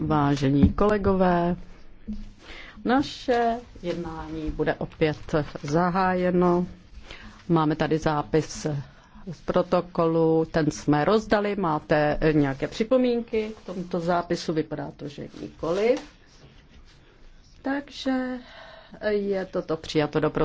Vážení kolegové, naše jednání bude opět zahájeno. Máme tady zápis z protokolu, ten jsme rozdali. Máte nějaké připomínky k tomuto zápisu? Vypadá to, že nikoliv. Takže je toto přijato do protokolu.